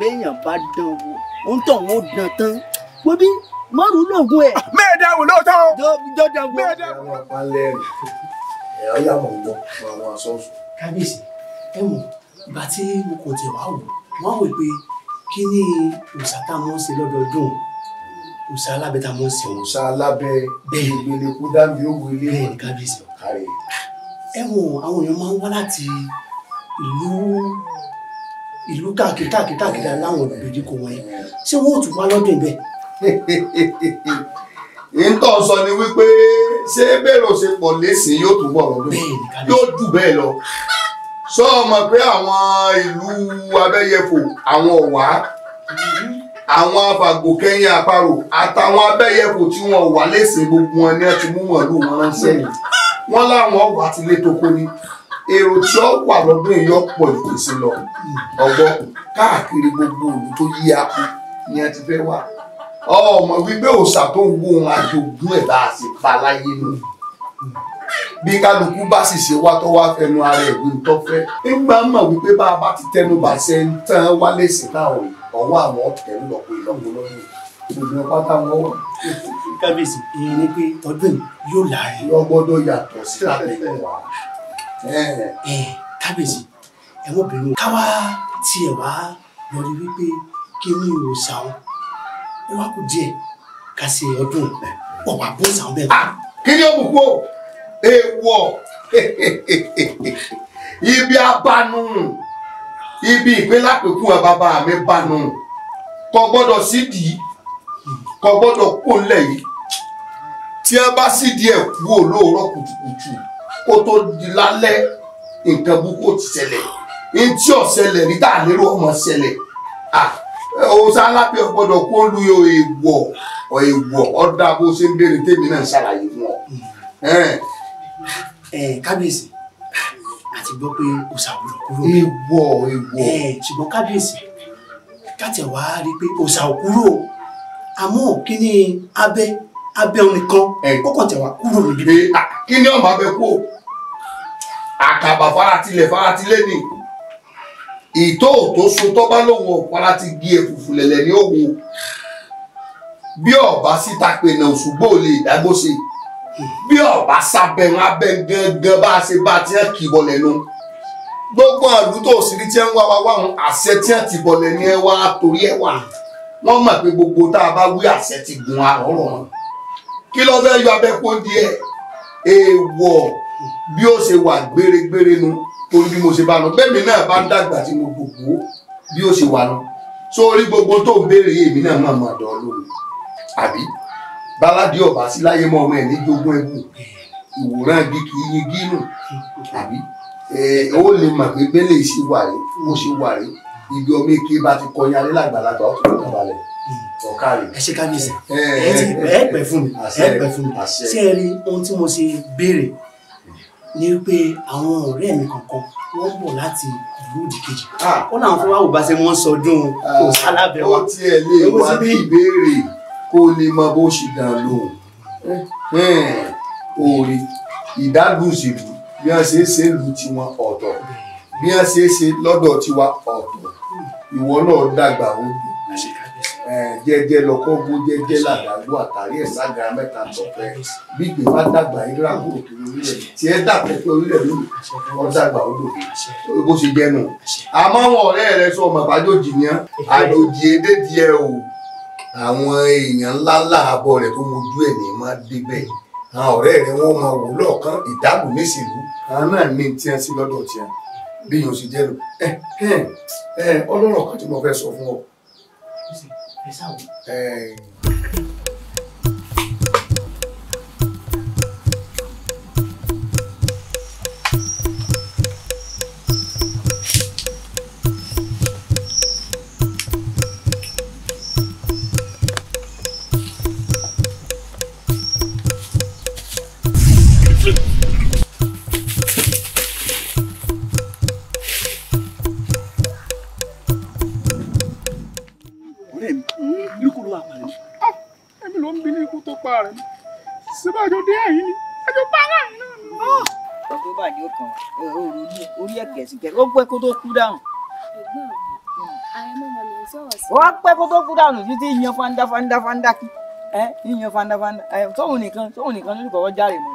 béèyàn bá dán wò ó ń tọ̀ wọ́n dán tán wọ́n bí mọ́rù lóògùn ẹ̀. mẹ́ẹ̀ dá wò lóòótọ́. jọ dá wò. mẹ́ẹ̀ dá wò. ẹ̀rọ máa ń lẹ́rìn ẹ̀rọ yà mọ̀ gbọ́ àwọn asọ́sù. kábíyèsí ẹ mọ ìgbà tí mo kò tẹ̀ wá wò wọ́n wò pé kí ni òòṣà tá a mọ̀ ṣe lọ́dọọdún òòṣà alábẹ́ tá a mọ̀ ṣe. òòṣà alábẹ́ bẹ́ẹ̀ gbélé dábìí ó wọlé. bẹ́ẹ̀ kábíyèsí ẹ mọ àwọn èèyàn máa ń wá láti ìlú ìlú káàkiri káàkiri káàkiri aláwọn ìgbèríko wọ̀nyí ṣé wọn ò tún wá lọ́dún ibẹ̀. ìtọ́ sọ ni wípé ṣé bẹ́ẹ̀rù ṣe pọ̀ lẹ́sìn yóò tún bọ̀ lọ́dún yóò jù bẹ́ẹ̀ lọ sọ ọmọ pé àwọn ìlú abẹ́yẹfò àwọn ọ̀wá àwọn afàgòkẹ́yìn àparò àtàwọn abẹ́yẹfò tí wọ́n wà lẹ́sìn gbogbo wọn ni wọ́n ti mú wọn lù wọn ránṣẹ́ yìí wọ́n láwọn ọ̀wá ti lé toko ni èrò tí ó wà lọ́dún èyí ọ̀pọ̀ ìpèsè lọ ọgbọ́n káàkiri gbogbo òru tó yí akú ni a ti fẹ́ wà ọmọ wípé òòṣà tó ń wo ohun àjogún ẹ̀ bá a sì pa láyé nù bí kálukú bá sì ṣe wá tó wá fẹnu ara ẹ̀ wíwú tó fẹ́ nígbà mọ̀ wípé bá a bá ti tẹnu bá ṣe ń tán wálé sí náà ọ̀wọ́ àwọn ọ̀tẹ̀ ń lọ pé lọ́wọ́ lọ́wọ́ ìgbìmọ̀ pátá wọn wà. kábíyèsí ìyẹn ni pé tọdún yóò láàyè. lọ́gbọ́dọ̀ yàtọ̀ sí àtẹ̀kọ́ wa kábíyèsí ẹ wọ́n bẹ̀rù káwá tiẹ̀ wá lórí wípé kí ní òòṣà o ó wá kù díẹ̀ ká ṣe ọdún ọ̀pá bóòṣà ọ̀bẹ. kí ni òkùnkùn o èèwọ̀ ibi abanu ibi ìpínlápẹ̀kù ẹ̀ bàbá mi banu kò gbọ́dọ̀ sídìí kò gbọ́dọ̀ kó lẹ̀ yìí tí ẹ bá sídìí ẹ̀ kú ò lóòrọ̀ kùtùkùtù kó tó di lálẹ́ nǹkan burúkú ti ṣẹlẹ̀ ní tí ò ṣẹlẹ̀ ní tá à lérò ọmọ ṣẹlẹ̀ ọ̀sán alápẹ̀ ọ̀gbọ́dọ̀ kó ń lu èèwọ̀ èèwọ̀ ọ̀dà bó ṣe ń béèrè tèmi náà ṣàlàyé fún ọ. kábíyèsí àti gbọ́ pé o ṣàwùrọ̀ kúrò. èèwọ̀ èèwọ̀. ṣùgbọ́n kábíyèsí káàtẹ̀ rí i pé o ṣàwùrọ̀ àmọ́ kíní abẹ́ abẹ́ òun nìkan kókò tẹ̀wá kúrò níbí. kí ni ọmọ abẹ kú àkàbà faratilẹ̀ faratilẹ̀ ni ìtò tó so tọ́ba lòun ọ̀pára ti gé ẹ̀fùfù e lẹ̀lẹ̀ ní òwò bí ọba síta pènà òṣùgbọ́ ò lè dágbóṣe bí ọba sábẹ̀rún abẹ́ gangan bá a ṣe bá a ti hàn kì í bọ̀lẹ̀ nu gbogbo àlù tó òṣèré tí ń wá wá wá àwọn àṣẹ tí hàn ti bọ̀lẹ̀ ní ẹ wá torí ẹ wà wọ́n mọ̀ pé gbogbo tá a bá wí àṣẹ ti gun àrọ́rọ̀ wọn kí ló fẹ́ yọ abẹ́pọ̀ díẹ̀ èèwọ̀ bí ó ṣe wà gbéregbére nu torí bí mo ṣe bá lọ bẹ́ẹ̀ mi náà bá ń dàgbà tí mo gbogbo bí ó ṣe wà lọ sórí gbogbo tó ń béèrè èmi náà máa máa dán lónìí àbí báládì ọba sí láyé mọ ọmọ ẹ ní jogún ẹbù ìwòran bí kì í yin gínú àbí ó lè mà pé bẹ́lẹ̀ ṣe wà rí ó ṣe wà rí ibi ọmọ èké bá ti kọyìn alẹ́ làgbàlagbà ó ti kọ́ balẹ̀ ẹ ṣe ká nísìn ẹ pẹ fún mi ẹ pẹ fún mi ṣé ẹ rí ohun tí mo ṣe béèrè ni pé àwọn ọ̀rẹ́ mi kankan wọ́n bọ̀ láti ìlú òdìkejì ó náà fún wa ò bá ṣe mọ́ sọdún kò sálábẹ́ wọn. ó tiẹ̀ lè wá ní ìbéèrè kó lè mọ bó ṣe dàn lóhùn òòrè ìdádùnsìlú bí wọ́n ṣe é ṣe lù tiwọn ọ̀tọ̀ bí wọ́n ṣe é ṣe lọ́dọ̀ tiwa ọ̀tọ̀ ìwọ náà dàgbà ó dùn jẹjẹ lọkọ bó jẹjẹ làdágbó àtàrí ẹ ságara mẹ́ta tọpẹ gbígbé wá dàgbà ìlà kúrò kí orílẹ̀ tí ẹ dàgbà pé orílẹ̀ lónìí wọn dàgbà ó lòdì bó ṣe jẹnu. àmọ́ àwọn ọ̀rẹ́ rẹ sọ ọmọ àbájòjì ni àjòjì èdè díẹ̀ o àwọn èèyàn ńláńlá àbọ̀ rẹ̀ tó mojú ẹ̀ ní máa débẹ̀ àwọn ọ̀rẹ́ rẹ wọ́n máa wò lọ́ọ̀kan ìdáàbò méṣèlú àwọn náà ní tiẹ̀ sí lọ́dọ̀ tiẹ̀ bí yóò ṣe jẹ́ lò ẹ ẹ ọlọ́rọ̀ kan tí mo fẹ́ sọ fún ọ 哎。gẹ̀ẹ́sì gẹ̀ẹ́sì ó pẹ́ kó tó kú dáhùn. wọ́n pẹ́ kó tó kú dáhùn ní ti yan fanda fanda fanda kí ẹ yan fanda fanda ẹ tóun nìkan tóun nìkan lórí kọ̀ọ̀kan járe mọ́.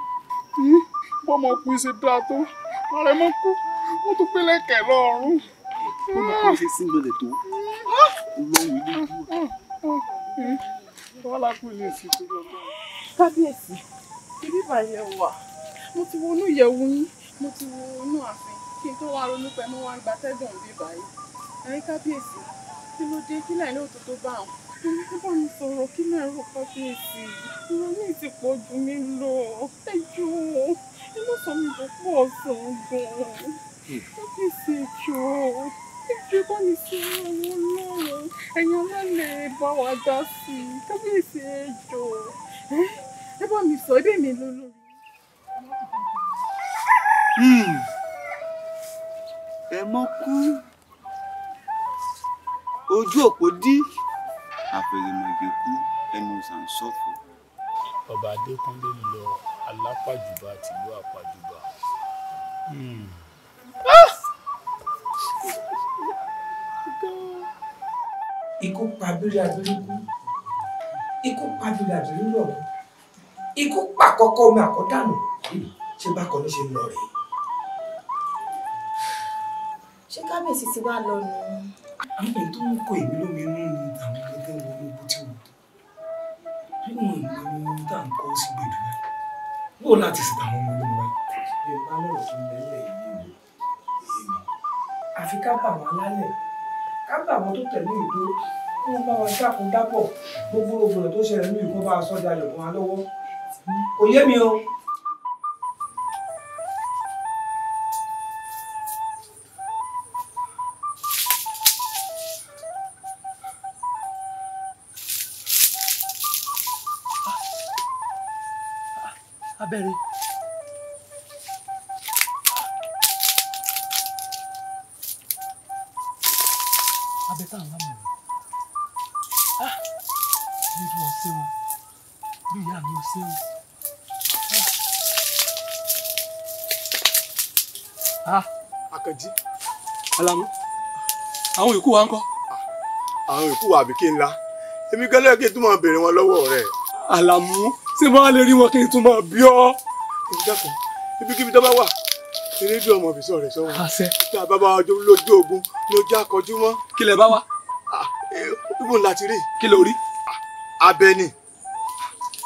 wọ́n mọ̀ kú ṣe dáa tó ààrẹ mọ́ kú wọ́n tún gbé lẹ́kẹ̀ẹ́ lọ́rùn. wọ́n mọ̀ kó ṣe síngbẹ̀lẹ̀ tó lọ́wọ́ ilé ìlú. wọ́n lápò ilé ìsìnkú lọ́gbọ́n. kábíyèsí ibi bàyẹ̀ wà mo ti wọnú ìyẹ̀wò yín mo ti wọnú ààfin kí n tó wá ronú pé mo wá ń gbatẹ́gùn bí báyìí ẹ̀yin kábíyèsí kí ló dé kí náà tó tó bá àwọn torí tó bá mi sọ̀rọ̀ kí lẹ́yìn rò kábíyèsí ìrònú ti pọ̀ jù mí lọ ẹ jù ú ẹ má sọ mi tó pọ̀ ọ̀sán gan kábíyèsí jù ú ìjọ bá mi sọ ọ̀rọ̀ lọ́rọ̀ ẹ̀yin ọlọ́lẹ̀ bá wa dá sí i kábíyèsí ẹ ẹ bá mi sọ ẹ bẹ́ẹ̀ mi lólórí. Hmm ẹ mọ́ kú ojú òpó dí àfẹ̀rẹ̀mọ̀gẹ̀ kú ẹnu sàǹsọ̀fọ̀. ọba adékúnlé lọ alápàjùbà tìlú àpàjùbà. Hmm. Ah! ikú pabiri abiriku ikú pabiri abiriku ikú pàkọ́kọ́ omi àkọ́dànù ṣé bákan ní ṣe ń lọ rèé ṣé kábíyèsí ti wá lọ nù. àwọn èèyàn tó ń kọ èmi lómi inú ni àwọn gẹ́gẹ́ wo ní ibo tí wò nínú ìgbà ni mo tá à ń kọ́ sí gbèdú rẹ̀ wò láti sì tàwọn ọmọ olómi wa. yorùbá lọ́rọ̀ tó ń bẹ́lẹ̀ yìí àfi ká bà wọ́n lálẹ́ ká bà wọ́n tó tẹ̀lé ìdó kí wọ́n bá wa dákun dábọ̀ gbogbo ògbọ̀nà tó ṣẹlẹ̀ ní ìkọ́ bá a ìyókù wa ń kọ́. àwọn ìkú wa àbí kí n la èmi gẹ́lẹ́ kí n tún máa béèrè wọn lọ́wọ́ rẹ̀. àlàmú ṣé máa lè rí wọn kí n tún máa bí ọ. èmi dàpọ̀ ibikíbi tó bá wà erédú ọmọ bìsọ rẹ sọ wọn. àṣẹ. tá a ọjọ́ lójú ogun lójú akọjú mọ́. kílẹ̀ bá wa. ibùn láti rí. kí ló rí. abẹ ni.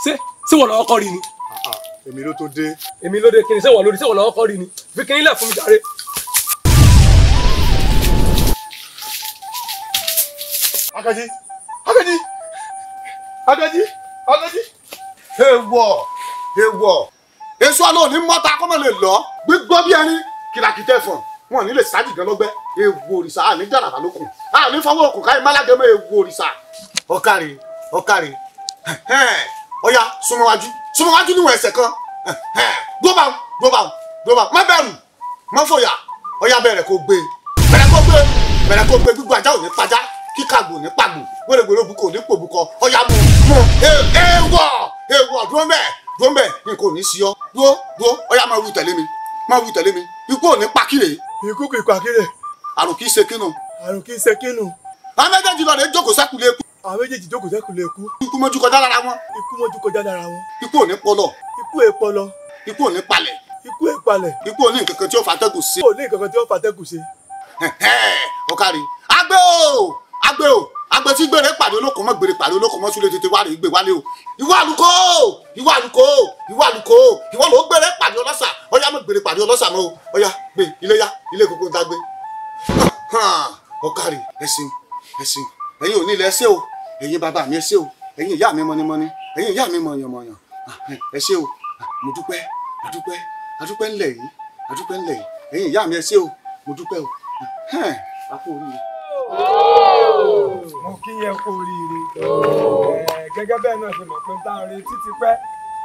ṣé ṣé wọ́n lọ́wọ́ kọ́ rí ni. èmi ló tó dé. èmi ló dé kí ni ṣé wọ́n lórí ṣé wọ́n lọ́wọ́ kọ́ rí ni. fi kí ni ilẹ̀ fún mi jàre. Akaji! Akaji! Akaji! Akaji! Ewọ̀! Ewọ̀! Èso àlọ́ òní mọ́ta kọ́mọ lè lọ. Gbígbọ́ bí ẹni kìlàkìtẹ̀ fọ̀n. Wọ́n ní lè sáàjì gan lọ́gbẹ́. Ewọ̀ òrìṣà àní jàràbà lókun. Àní fọwọ́ òkùn káyìí málágẹ́mọ́ ewọ̀ òrìṣà. Ọ̀kàrè! Ọ̀kàrè! Ọya súnmọ́ wájú. Súnmọ́ wájú níwọ̀n ẹsẹ̀ kan. Gbóbá! Gbóbá! Gbóbá! Má bẹ̀rù! Má fòyà! Ọya bẹ̀rẹ̀ kó gbé. Bẹ̀rẹ̀ kó gbé. Bẹ̀rẹ̀ kó gbé gbígbó ajá òní pajá kíkàgbò ní pàgbò wẹ́rẹ́wẹ́rẹ́ òbúkọ ní pòbúkọ ọ̀yà mọ̀ mọ̀ ewọ̀ ewọ̀ dúró mẹ́ dúró mẹ́ nǹkan ò ní sí ọ dúró dúró ọ̀yà máa wù tẹ̀lé mi máa wù tẹ̀lé mi ikú ò ní pàkìrè. ikú kì í pàkìrè. àrùn kì í ṣe kínú. àrùn kì í ṣe kínú. àwọn méjèèjì lọ rẹ jókòó sákùlé eku. àwọn méjèèjì jókòó sákùlé eku. ikú mọ́jú kọjá lára wọn. ikú mọ́jú kọjá lára wọn. ikú ò ní pọlọ. ikú è pọlọ. ikú ò ní palẹ̀. ikú è palẹ̀. ikú ò ní nǹkan kan tí ó fatẹ́gùn ṣe. ò ní nǹkan kan tí ó fatẹ́gùn ṣe. ọ̀kárí agbẹ́ o agbe o agbe tí gbèrè pàdé olóko mọ gbèrè pàdé olóko mọ súlẹ tètè wà rè gbè wálé o ìwọ àlùkò ìwọ àlùkò ìwọ àlùkò ìwọ ló gbèrè pàdé ọlọ́ṣà ọyá mọ gbèrè pàdé ọlọ́ṣà mọ o ọyá gbé ilé yá ilé kókó ń dágbé ọkàrí ẹsìn ẹsìn ẹ̀yin ò ní ilẹ̀ ẹsẹ̀ o ẹ̀yin bàbá mi ẹsẹ̀ o ẹ̀yin ìyá mi mọnimọni ẹ̀yin ìyá mi mọyànmọyàn ẹsẹ̀ o mo dúpẹ́ adúpẹ́ adúpẹ́ ńlẹ̀ yìí adúpẹ́ ńlẹ̀ yìí ẹ̀yin ìyá mi ẹsẹ̀ o mo dúpẹ́ o a kú oríire mo kí yẹ kó oríire gẹ́gẹ́ bẹ́ẹ̀ náà ṣe mọ̀ pé tá a retí ti pẹ́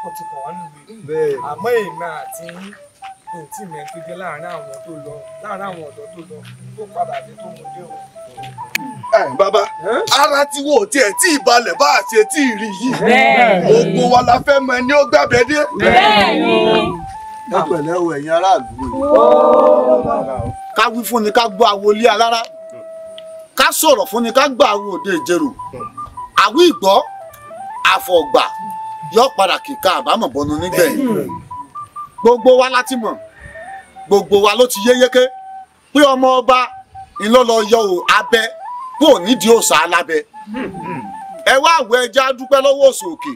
kò ti pọ̀ wọ́n nílé àmọ́ èèmọ̀ àti ntí mẹ́tẹ́gẹ́ láàárín àwọn tó lọ láàárín àwọn ọ̀dọ́ tó lọ tó padà dé tó wọlé o. Bàbá ara tí wo tiẹ̀ tí ìbalẹ̀ bá a ṣe tí yìí ogun wa la fẹ́ mọ ẹni ó gbàgbé dé. Ẹ pẹ̀lẹ́ o ẹ̀yin aráàlú. Ká wí fún ni ká gbọ́ àwọlé alára ká sọ̀rọ̀ fún ni ká gbà àwọn òde ìjẹrò àwí ìgbọ́ àfọ̀gbà yọ padà kíkà àbámọ̀ bọnu nígbẹ̀yìn gbogbo wa láti mọ̀ gbogbo wa ló ti yé yéké pé ọmọ ọba ńlọ́lọ́ yọ abẹ kó nídìí òòṣà alábẹ ẹ wá àwọ̀ ẹja dúpẹ́ lọ́wọ́ òsòkè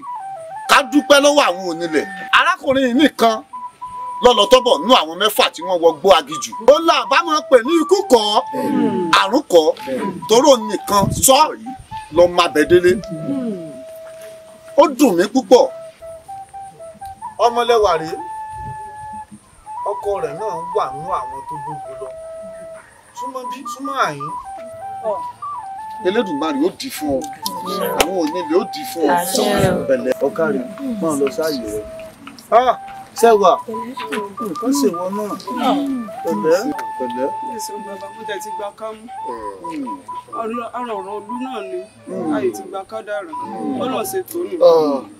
ká dúpẹ́ lọ́wọ́ àwọn onílẹ̀ arákùnrin nìkan lọ́lọ́ tọ́bọ̀ nú àwọn mẹ́fà tí wọ́n wọgbó agijù. ó là bá máa pè ní ikú kọ́ àrùn kọ́ tóró nìkan sọ́ọ̀rí lọ máa bẹ̀ délé. ó dùn mí púpọ̀ ọmọlẹ́wà rèé ọkọ rẹ̀ náà wà nú àwọn tó gbogbo lọ súnmọ́ bí súnmọ́ àyín elédùnmarè ó di fún ọ àwọn onílé ó di fún ọ ọkàrí máa lọ sáàyè rẹ. Ah! sẹ́wà nǹkan ṣèwọ náà pẹ̀lẹ́ pẹ̀lẹ́. yéèsì bàbá mo tẹ̀ ti gba kámú ọ̀rọ̀ ọ̀rọ̀ ọdún náà ni ayé ti gba kádàrà ọ̀nà ṣètò ni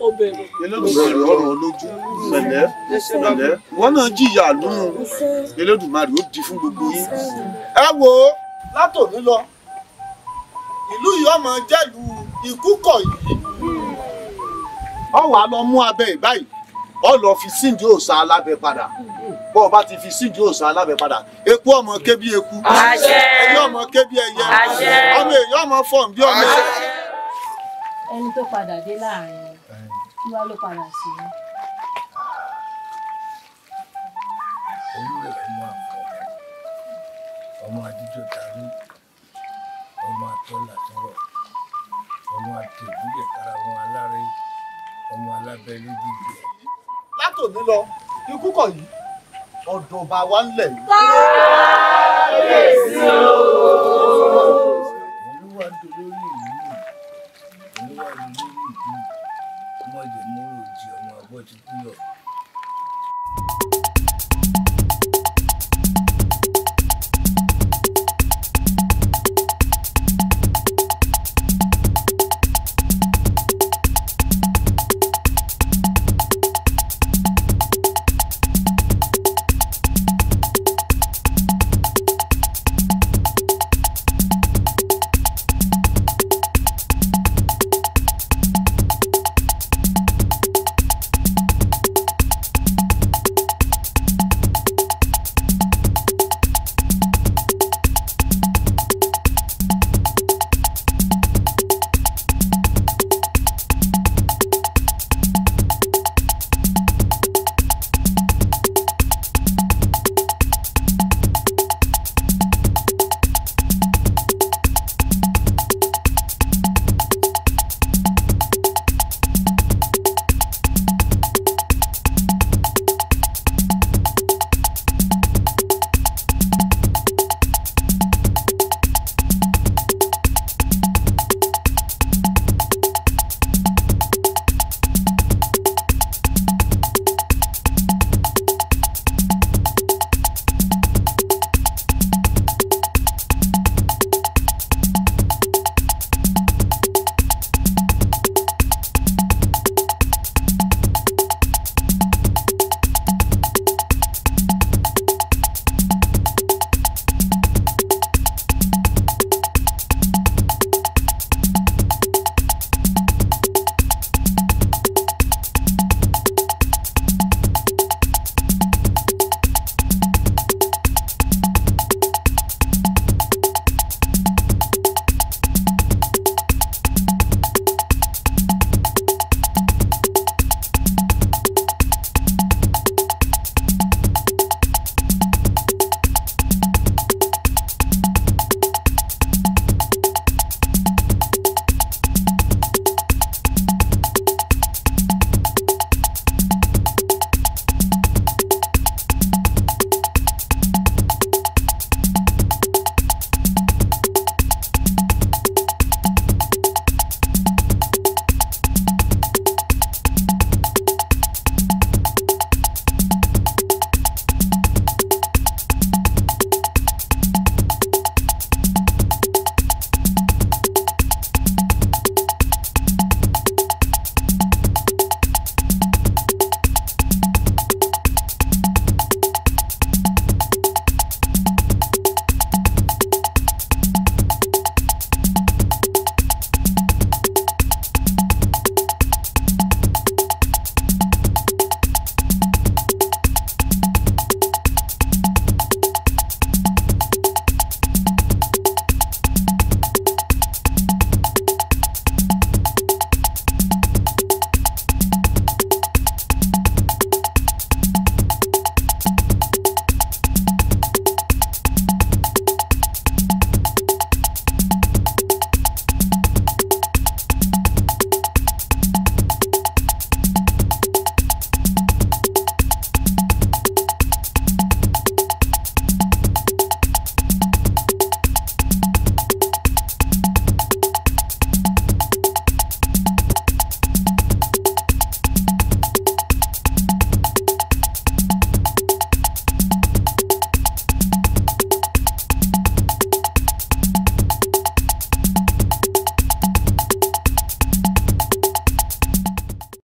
ó bẹ̀rẹ̀. elédùnmarè ọ̀rọ̀ olójú pẹ̀lẹ́ pẹ̀lẹ́ wọn náà jìyà lóhun elédùnmarè ó di fún gbogbo yín. ẹ wo látòní lọ ìlú yìí ọmọ jẹ́lu ikú kọ̀ yìí ọ̀wà lọ mú abẹ ìbáyìí ọ lọ fi síndì òòsà alábẹ padà bọ́ ọ bá ti fi síndì òòsà alábẹ padà eku ọmọ ké bí eku ẹyẹ ọmọ ké bí ẹyẹ ọmọ èyí ọmọ fọm bí ọmọ èyí. ẹni tó padà dé láàrin kí wàá ló padà sí i. olùrẹ̀ mú àpò ọmọ àdíjọ darí ọmọ àtọ́là tọrọ ọmọ àtẹ̀gúlẹ̀ kára wọn alárẹ̀ ọmọ alábẹ́lẹ́ gbígbẹ́ látòní lọ ikú kọ̀ yìí ọ̀dọ̀ba wa ń lẹ̀ yìí. kábíyèsí o. ìlú ń dolórí ìlú ìlú wa ń dolórí ìlú ọmọ ìjẹ̀mú òjì ọmọ àbọ̀ ti kú yọ.